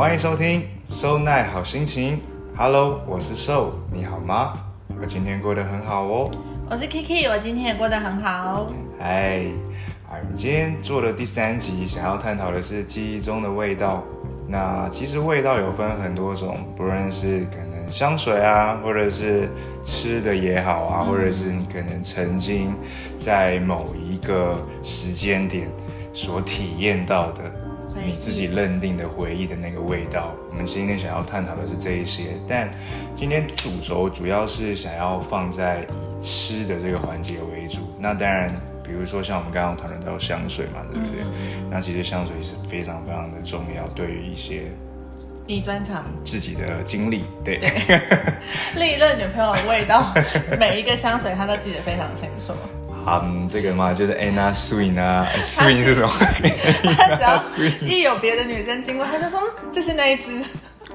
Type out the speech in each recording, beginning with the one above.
歡迎收聽 Soul Night 好心情。Hello，我是 Soul，你好嗎？我今天過得很好哦。我是 Kiki，我今天也過得很好。哎，我們今天做的第三集，想要探討的是記憶中的味道。那其實味道有分很多種，不論是可能香水啊，或者是吃的也好啊，嗯、或者是你可能曾經在某一個時間點所體驗到的。你自己認定的回憶的那個味道。我們今天想要探討的是這一些，但今天主軸主要是想要放在以吃的這個環節為主。那當然，比如說像我們剛剛討論到香水嘛，嗯、對不對？嗯、那其實香水是非常非常的重要，對於一些你專長自己的經歷，對，另一任女朋友的味道，每一個香水他都記得非常清楚。嗯，um, 這個嘛，就是 Anna Sweeney 安娜、蘇影啊，蘇影是什麼？他只要一有別的女生經過，他就說：“這是哪一只？”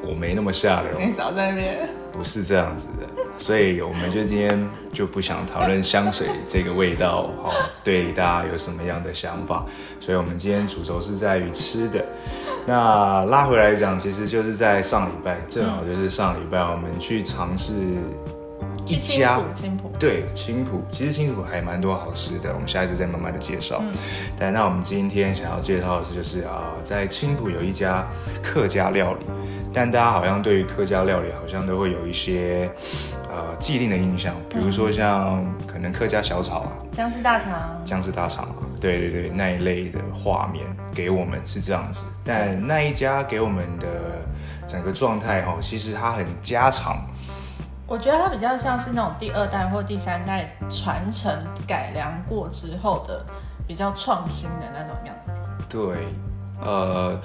我沒那麼嚇人，你少在那邊。不是這樣子的，所以我們就今天就不想討論香水這個味道，哈， 哦，對大家有什麼樣的想法？所以我們今天主軸是在於吃的。那拉回來講，其實就是在上禮拜，正好就是上禮拜我們去嘗試。一家，青浦、青浦，對，青浦，其實青浦還蠻多好吃的，我們下一次再慢慢的介紹。嗯、但那我們今天想要介紹的是，就是啊、呃，在青浦有一家客家料理，但大家好像對於客家料理好像都會有一些呃既定的印象，比如說像、嗯、可能客家小炒啊，薑絲大腸，薑絲大腸啊，對對對，那一類的畫面給我們是這樣子，但那一家給我們的整個狀態哈、哦，其實它很家常。我覺得它比較像是那種第二代或第三代傳承改良過之後的，比較創新的那種樣子。嗯、對，呃，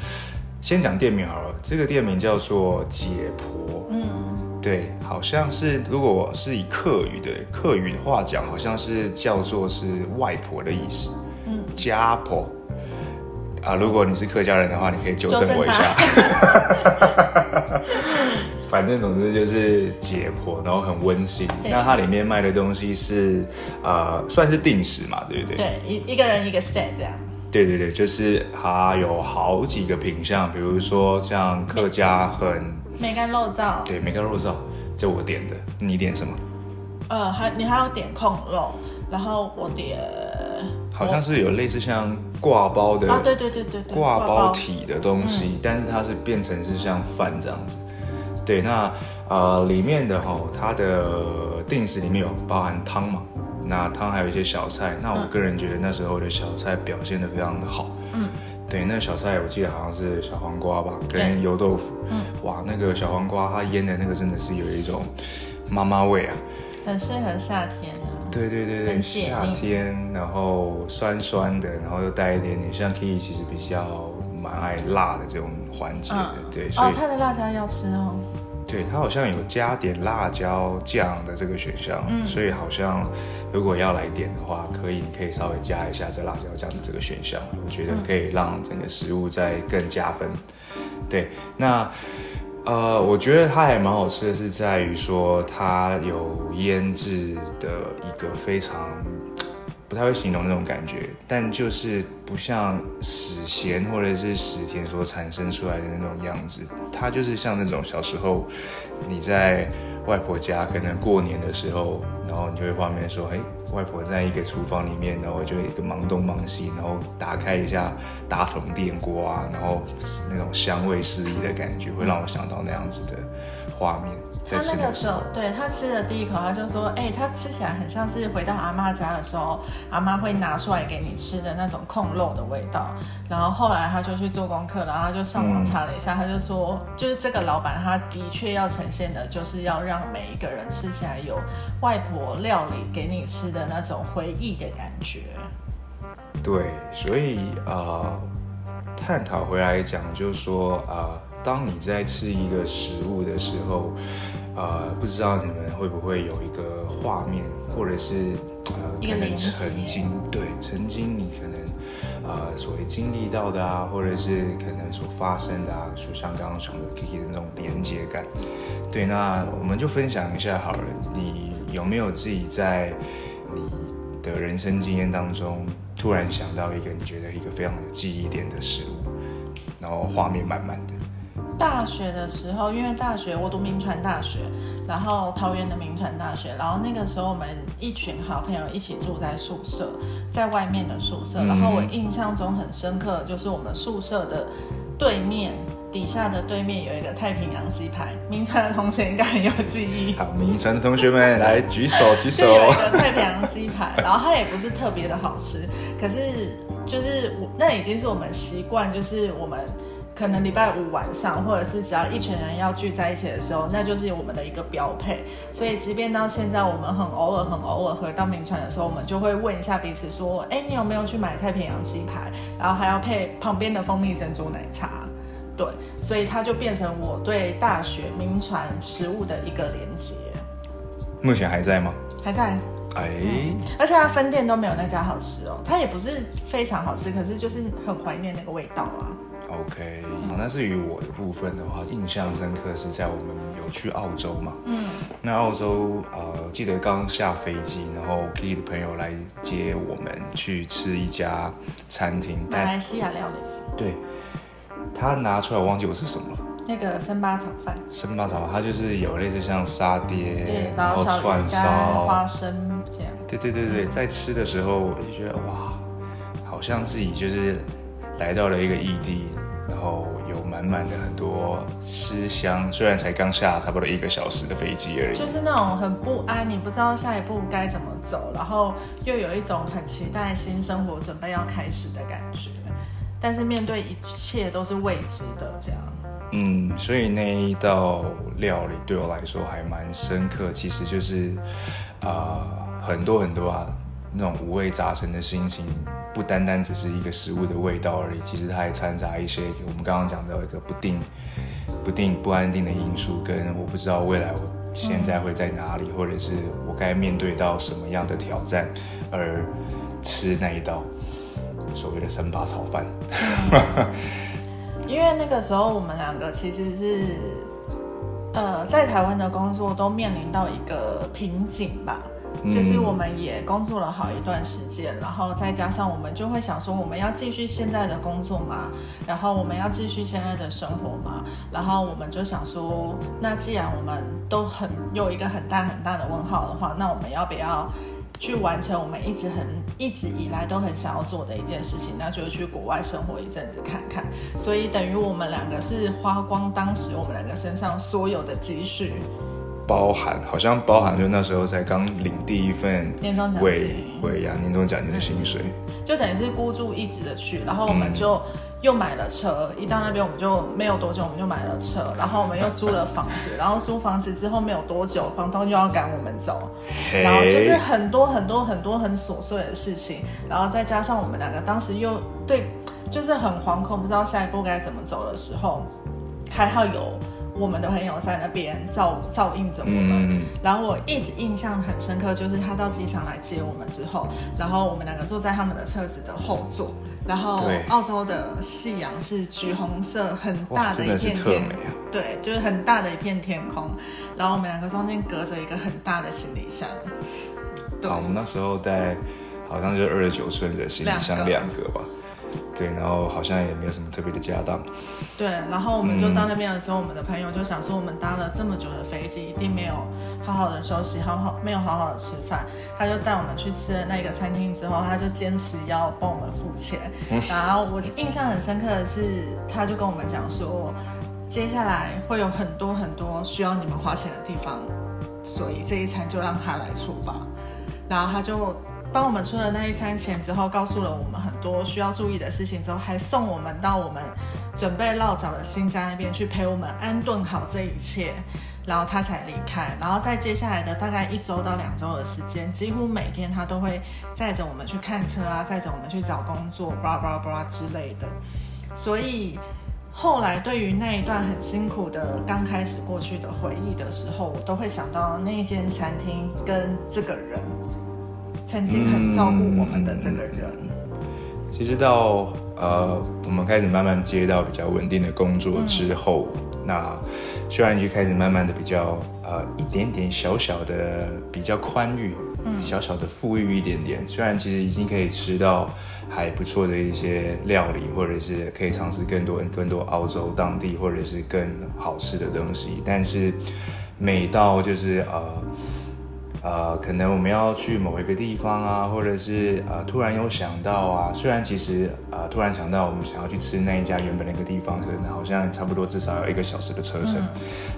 先講店名好了，這個店名叫做“姐婆”。嗯，對，好像是如果是以客語的客語的話講，好像是叫做是外婆的意思。嗯，家婆。啊，如果你是客家人的話，嗯、你可以糾正我一下。就生 反正總之就是解渴，然後很溫馨。對那它裡面賣的東西是，呃，算是定食嘛，對不對？對，一一個人一個 set 這樣。對對對，就是它有好幾個品項，比如說像客家很梅乾、欸、肉燥。對，梅乾肉燥就我點的，你點什麼？呃、嗯，還你還有點控肉，然後我點好像是有類似像掛包的啊，對對對對，掛包體的東西，嗯、但是它是變成是像飯這樣子。對，那、呃、裡面的哈，它的定食裡面有包含湯嘛，那湯還有一些小菜。那我個人覺得那時候的小菜表現的非常的好。嗯，對，那小菜我記得好像是小黃瓜吧，跟油豆腐。嗯、哇，那個小黃瓜它醃的那個真的是有一種媽媽味啊，很適合夏天、啊、對對對夏天，然後酸酸的，然後又帶一點點。像 Kiki 其實比較蠻愛辣的這種環節的，嗯、對。所以、哦、他的辣椒要吃哦。對，它好像有加點辣椒醬的這個選項，嗯、所以好像如果要來點的話，可以，你可以稍微加一下這辣椒醬的這個選項，我覺得可以讓整個食物再更加分。對，那呃，我覺得它還蠻好吃的，是在於說它有醃制的一個非常不太會形容的那種感覺，但就是。不像死鹹或者是死甜所產生出來的那種樣子，它就是像那種小時候你在外婆家，可能過年的時候，然後你就會畫面說，哎、欸，外婆在一個廚房裡面，然後就一個忙東忙西，然後打開一下大同電鍋啊，然後那種香味四溢的感覺，會讓我想到那樣子的畫面。在吃的時候，他那個時候，對他吃的第一口，他就說，哎、欸，他吃起來很像是回到阿媽家的時候，阿媽會拿出來給你吃的那種控，豆的味道，然後後來他就去做功課，然後他就上網查了一下，嗯，他就說，就是這個老闆，他的確要呈現的，就是要讓每一個人吃起來有外婆料理給你吃的那種回憶的感覺。對，所以啊，呃，探討回來講，就是說啊，呃，當你在吃一個食物的時候。呃，不知道你們會不會有一個畫面，或者是呃，可能曾經對曾經你可能呃所經歷到的啊，或者是可能所發生的啊，就像剛剛從 Kiki 的那種連接感。對，那我們就分享一下好了，你有沒有自己在你的人生經驗當中突然想到一個你覺得一個非常有記憶點的事物，然後畫面慢慢大學的時候，因為大學我讀銘傳大學，然後桃園的銘傳大學，然後那個時候我們一群好朋友一起住在宿舍，在外面的宿舍。然後我印象中很深刻，就是我們宿舍的對面底下的對面有一個太平洋雞排，銘傳的同學應該很有記憶。好，銘傳的同學們來舉手舉手。舉手有一個太平洋雞排，然後它也不是特別的好吃，可是，就是我那已經是我們習慣，就是我們。可能禮拜五晚上，或者是只要一群人要聚在一起的時候，那就是我們的一個標配。所以，即便到現在，我們很偶爾、很偶爾回到銘傳的時候，我們就會問一下彼此說：“哎、欸，你有沒有去買太平洋雞排？然後還要配旁邊的蜂蜜珍珠奶茶。”對，所以它就變成我對大學銘傳食物的一個連接。目前還在嗎？還在。哎、嗯。而且它分店都沒有那家好吃哦。它也不是非常好吃，可是就是很懷念那個味道啊。OK，那至於我的部分的話，嗯、印象深刻是在我們有去澳洲嘛。嗯。那澳洲呃，記得剛下飛機，然後 k 的朋友來接我們去吃一家餐廳，但馬來西亞料理。對。他拿出來我忘記我是什麼。那個生巴炒飯。生巴炒飯，它就是有類似像沙爹，嗯、對，然後串燒、花生這樣。對對對對，嗯、在吃的時候我就覺得哇，好像自己就是。來到了一個異地，然後有滿滿的很多思鄉。雖然才剛下差不多一個小時的飛機而已，就是那種很不安，你不知道下一步該怎麼走，然後又有一種很期待新生活準備要開始的感覺。但是面對一切都是未知的，這樣。嗯，所以那一道料理對我來說還蠻深刻，其實就是啊、呃，很多很多啊。那種五味雜陳的心情，不單單只是一個食物的味道而已，其實它還摻雜一些我們剛剛講到一個不定、不定、不安定的因素，跟我不知道未來我現在會在哪裡，嗯、或者是我該面對到什麼樣的挑戰，而吃那一道所謂的生巴炒飯。嗯、 因為那個時候我們兩個其實是呃在台灣的工作都面臨到一個瓶頸吧。就是我們也工作了好一段時間，嗯、然後再加上我們就會想說，我們要繼續現在的工作嗎？然後我們要繼續現在的生活嗎？然後我們就想說，那既然我們都很有一個很大很大的問號的話，那我們要不要去完成我們一直很一直以來都很想要做的一件事情？那就去國外生活一陣子看看。所以等於我們兩個是花光當時我們兩個身上所有的積蓄。包含好像包含，就那時候才剛領第一份年終獎金，喂喂年終獎金的薪水，就等於是孤注一擲的去，然後我們就又買了車，嗯、一到那邊我們就沒有多久我們就買了車，然後我們又租了房子， 然後租房子之後沒有多久房東又要趕我們走，Hey 然後就是很多很多很多很瑣碎的事情，然後再加上我們兩個當時又對就是很惶恐，不知道下一步該怎麼走的時候，還好有。我們的朋友在那邊照照應着我們，嗯、然後我一直印象很深刻，就是他到機場來接我們之後，然後我們兩個坐在他們的車子的後座，然後澳洲的夕陽是橘紅色，很大的一片天，特美啊、對，就是很大的一片天空，然後我們兩個中間隔着一個很大的行李箱，對，我們那時候帶，好像就二十九寸的行李箱兩個，兩個吧。對，然後好像也沒有什麼特別的家當。對，然後我們就到那邊的時候，嗯、我們的朋友就想說，我們搭了這麼久的飛機，一定沒有好好的休息，好好沒有好好的吃飯。他就帶我們去吃了那一個餐廳之後，他就堅持要幫我們付錢。 然後我印象很深刻的是，他就跟我們講說，接下來會有很多很多需要你們花錢的地方，所以這一餐就讓他來出吧，然後他就。幫我們出了那一餐錢之後，告訴了我們很多需要注意的事情之後，還送我們到我們準備落腳的新家那邊去，陪我們安頓好這一切，然後他才離開。然後在接下來的大概一週到兩週的時間，幾乎每天他都會載着我們去看車啊，載着我們去找工作，巴拉巴拉巴拉之類的。所以後來對於那一段很辛苦的剛開始過去的回憶的時候，我都會想到那間餐廳跟這個人。曾經很照顧我們的這個人，嗯、其實到呃，我們開始慢慢接到比較穩定的工作之後，嗯、那雖然就開始慢慢的比較呃，一點點小小的比較寬裕，嗯、小小的富裕一點點。雖然其實已經可以吃到還不錯的一些料理，或者是可以嘗試更多更多澳洲當地或者是更好吃的東西，但是每到就是呃。呃，可能我們要去某一個地方啊，或者是呃，突然又想到啊，雖然其實呃，突然想到我們想要去吃那一家原本那個地方，可能好像差不多至少要一個小時的車程，嗯、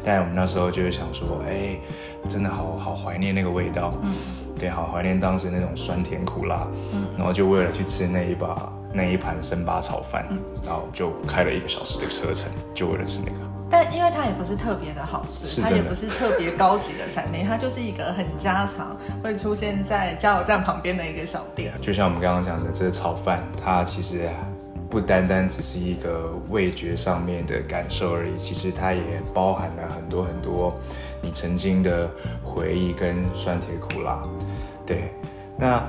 但我們那時候就是想說，哎、欸，真的好好懷念那個味道，嗯、對，好懷念當時那種酸甜苦辣，嗯、然後就為了去吃那一把那一盤生巴炒飯，然後就開了一個小時的車程，就為了吃那個。因為它也不是特別的好吃，真它也不是特別高級的餐廳，它就是一個很家常，會出現在加油站旁邊的一個小店。就像我們剛剛講的，這個炒飯，它其實不單單只是一個味覺上面的感受而已，其實它也包含了很多很多你曾經的回憶跟酸甜苦辣。對，那。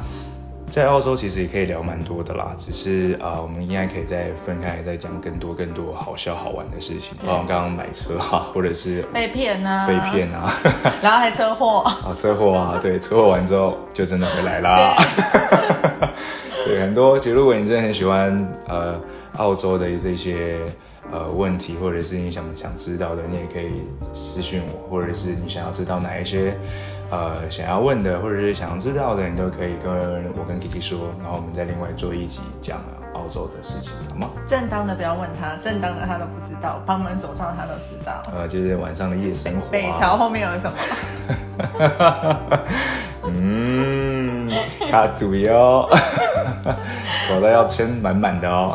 在澳洲其實也可以聊蠻多的啦，只是啊、呃，我們應該可以再分開再講更多更多好笑好玩的事情，包括剛剛買車哈、啊，或者是被騙被騙啊，啊啊然後還車禍啊，車禍啊，對，車禍完之後就真的回來啦 對，很多，其實如果你真的很喜歡呃澳洲的這些呃問題或者是你想想知道的，你也可以私訊我，或者是你想要知道哪一些。呃，想要問的或者是想要知道的，你都可以跟我跟 Kiki 說，然後我們再另外做一集講澳洲的事情，好嗎？正當的不要問他，正當的他都不知道，幫忙走上他都知道。呃，就是晚上的夜生活、啊北，北橋後面有什麼？ 嗯，卡祖喲， 我都要圈滿滿的哦。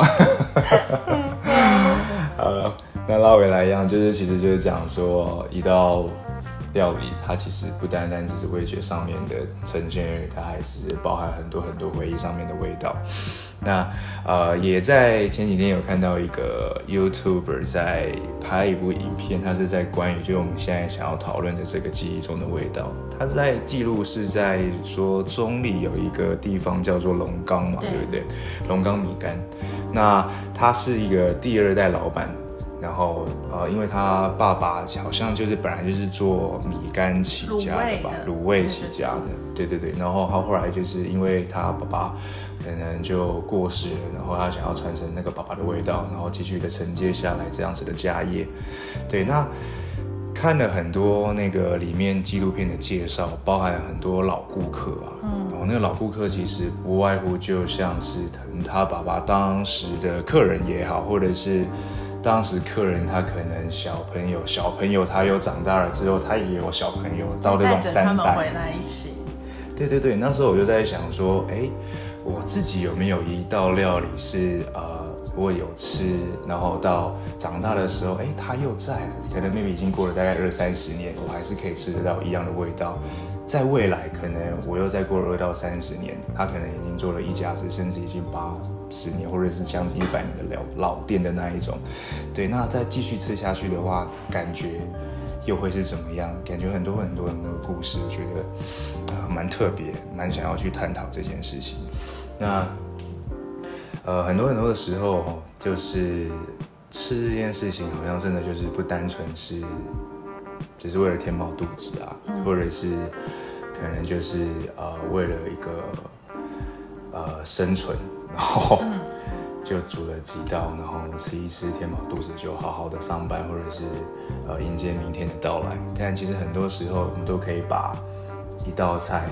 好了，那拉回來一樣，就是其實就是講說一到。料理它其實不單單只是味覺上面的呈現，它還是包含很多很多回憶上面的味道。那呃，也在前幾天有看到一個 YouTuber 在拍一部影片，他是在關於就我們現在想要討論的這個記憶中的味道。他在記錄是在說中壢有一個地方叫做龍岡嘛，對，對不對？龍岡米干。那他是一個第二代老闆。然後，呃，因為他爸爸好像就是本來就是做米干起家的吧，滷味起家的，對對對。然後他後來就是因為他爸爸可能就過世了，然後他想要傳承那個爸爸的味道，然後繼續的承接下來這樣子的家業。對，那看了很多那個裡面紀錄片的介紹，包含很多老顧客啊，嗯。然後那個老顧客其實不外乎就像是疼他爸爸當時的客人也好，或者是。當時客人他可能小朋友，小朋友他又長大了之後，他也有小朋友，到那種三代。帶着他們回來一起。對對對，那時候我就在想說，哎，我自己有沒有一道料理是呃，我有吃，然後到長大的時候，哎，他又在了，可能妹妹已經過了大概二三十年，我還是可以吃得到一樣的味道。在未來，可能我又再過二到三十年，他可能已經做了一甲子，甚至已經八十年，或者是將近一百年的老老店的那一種。對，那再繼續吃下去的話，感覺又會是怎麼樣？感覺很多很多很多故事，我覺得啊、呃，蠻特別，蠻想要去探討這件事情。那呃，很多很多的時候，就是吃這件事情，好像真的就是不單純是。只是為了填飽肚子啊，嗯、或者是可能就是呃為了一個、呃、生存，然後就煮了幾道，然後你吃一吃，填飽肚子就好好的上班，或者是、呃、迎接明天的到來。但其實很多時候，我們都可以把一道菜，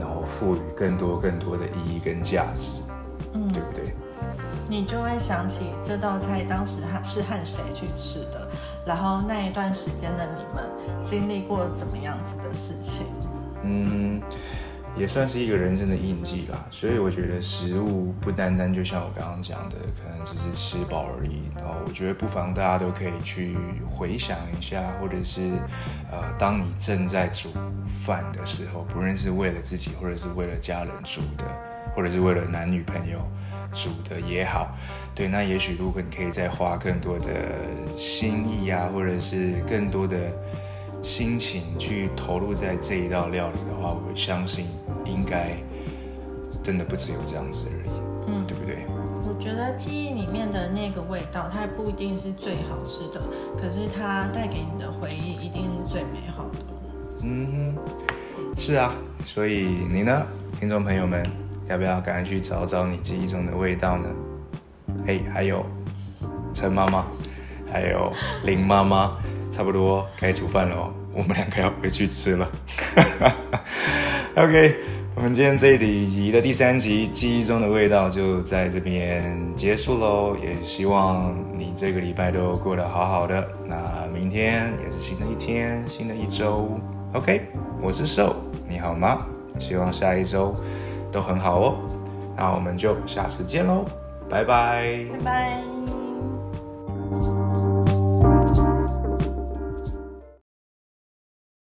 然後賦予更多更多的意義跟價值，嗯，對不對？你就會想起這道菜當時是和誰去吃的。然後那一段時間的你們經歷過怎麼樣子的事情？嗯，也算是一個人生的印記啦。所以我覺得食物不單單就像我剛剛講的，可能只是吃飽而已。然後我覺得不妨大家都可以去回想一下，或者是呃，當你正在煮飯的時候，不論是為了自己，或者是為了家人煮的，或者是為了男女朋友。煮的也好，對，那也許如果你可以再花更多的心意啊，嗯、或者是更多的心情去投入在這一道料理的話，我相信應該真的不只有這樣子而已，嗯，嗯，對不對？我覺得記憶裡面的那個味道，它還不一定是最好吃的，可是它帶給你的回憶一定是最美好的。嗯哼，是啊，所以你呢，聽眾朋友們？要不要趕快去找找你記憶中的味道呢？嘿、hey, 還有陳媽媽，還有林媽媽，差不多該煮飯嘍，哦。我們兩個要回去吃了。哈 哈 OK，我們今天這一集的第三集《記憶中的味道》就在這邊結束嘍。也希望你這個禮拜都過得好好的。那明天也是新的一天，新的一周。OK，我是 Soul，你好嗎？希望下一周。都很好哦，那我們就下次見嘍，拜拜，拜拜。